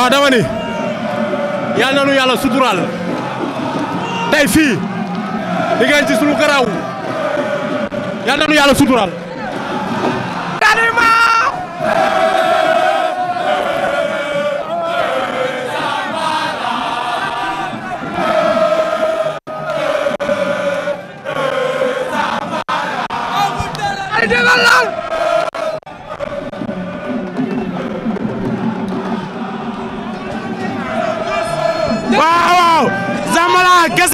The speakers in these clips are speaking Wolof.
waaw dama ni yàlla na nu yàlla suturaal tey fii di ngeen ci sunu garaaw yàlla na nu yàlla suturaal. waaw waaw Zambala kes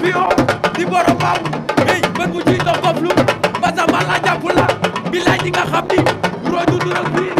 champion di boromam hey bët bu ciy dox ko flu ba sa bala jàpp la bilaay di nga xam ni roo du du